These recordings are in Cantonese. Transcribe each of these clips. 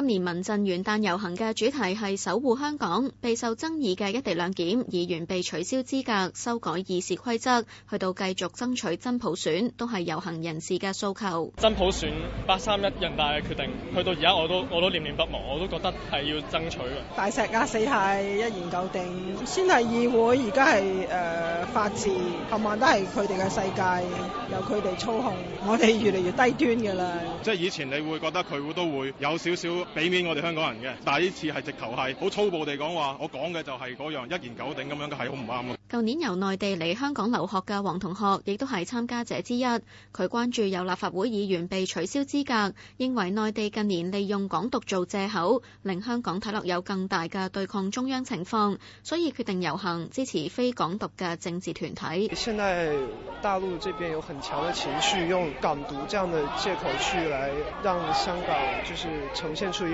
今年民陣元旦遊行嘅主題係守護香港，備受爭議嘅一地兩檢，議員被取消資格，修改議事規則，去到繼續爭取真普選都係遊行人士嘅訴求。真普選八三一人大嘅決定，去到而家我都我都念念不忘，我都覺得係要爭取嘅。大石壓、啊、死蟹，一言九鼎，先係議會，而家係誒法治，冚唪唥都係佢哋嘅世界，由佢哋操控，我哋越嚟越低端噶啦。即係以前你會覺得佢會都會有少少。俾面我哋香港人嘅，但係呢次係直頭係好粗暴地講話。我講嘅就係嗰樣一言九鼎咁樣嘅係好唔啱嘅。舊年由內地嚟香港留學嘅黃同學亦都係參加者之一。佢關注有立法會議員被取消資格，認為內地近年利用港獨做借口，令香港睇落有更大嘅對抗中央情況，所以決定遊行支持非港獨嘅政治團體。現在大陸這邊有很強嘅情緒，用港獨這樣的借口去來讓香港就是呈現出。除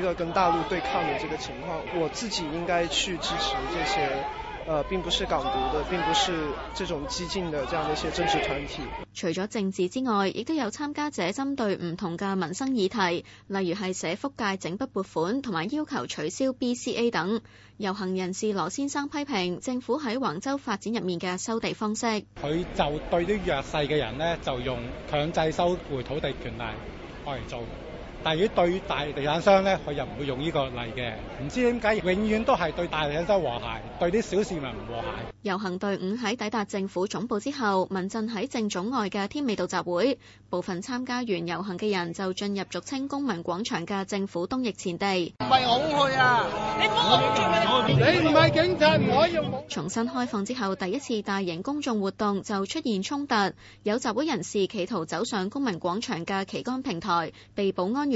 咗政治之外，亦都有參加者針對唔同嘅民生議題，例如係社福界整筆撥款，同埋要求取消 BCA 等。遊行人士羅先生批評政府喺橫洲發展入面嘅收地方式，佢就對啲弱勢嘅人呢，就用強制收回土地權利嚟做。但係如果對大地產商呢，佢又唔會用呢個例嘅，唔知點解永遠都係對大地產商和諧，對啲小市民唔和諧。遊行隊伍喺抵達政府總部之後，民陣喺政總外嘅添美道集會，部分參加完遊行嘅人就進入俗稱公民廣場嘅政府東翼前地。唔係恐嚇啊！你唔好攬住我，你唔係警察唔可以用。重新開放之後第一次大型公眾活動就出現衝突，有集會人士企圖走上公民廣場嘅旗杆平台，被保安員。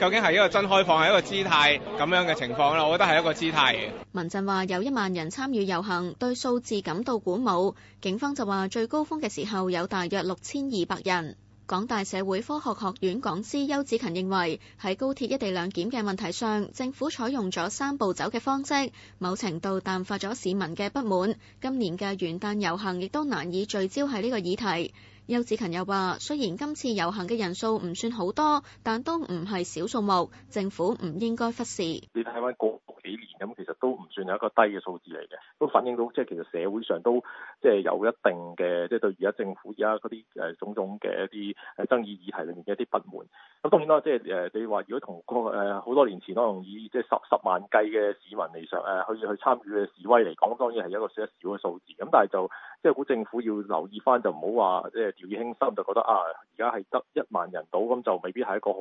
究竟係一個真開放，係一個姿態咁樣嘅情況啦，我覺得係一個姿態。民陣話有一萬人參與遊行，對數字感到鼓舞。警方就話最高峰嘅時候有大約六千二百人。港大社會科學學院講師邱子勤認為，喺高鐵一地兩檢嘅問題上，政府採用咗三步走嘅方式，某程度淡化咗市民嘅不滿。今年嘅元旦遊行亦都難以聚焦喺呢個議題。邱子勤又話，雖然今次遊行嘅人數唔算好多，但都唔係少數目，政府唔應該忽視。你睇翻過幾年咁，其實都唔算係一個低嘅數字嚟嘅，都反映到即係其實社會上都即係有一定嘅，即係對而家政府而家嗰啲誒種種嘅一啲誒爭議議題裡面嘅一啲不滿。咁當然啦，即係誒你話如果同個誒好多年前可能以即係十十萬計嘅市民嚟上誒、呃、去去參與嘅示威嚟講，當然係一個少少嘅數字。咁但係就。即係政府要留意翻，就唔好話即係掉以輕心，就覺得啊，而家係得一萬人到，咁就未必係一個好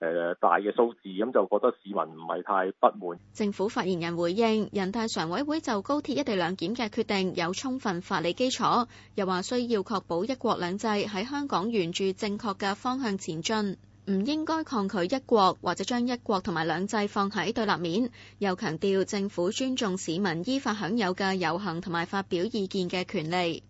誒大嘅數字，咁就覺得市民唔係太不滿。政府發言人回應，人大常委會就高鐵一地兩檢嘅決定有充分法理基礎，又話需要確保一國兩制喺香港沿住正確嘅方向前進。唔應該抗拒一國，或者將一國同埋兩制放喺對立面，又強調政府尊重市民依法享有嘅遊行同埋發表意見嘅權利。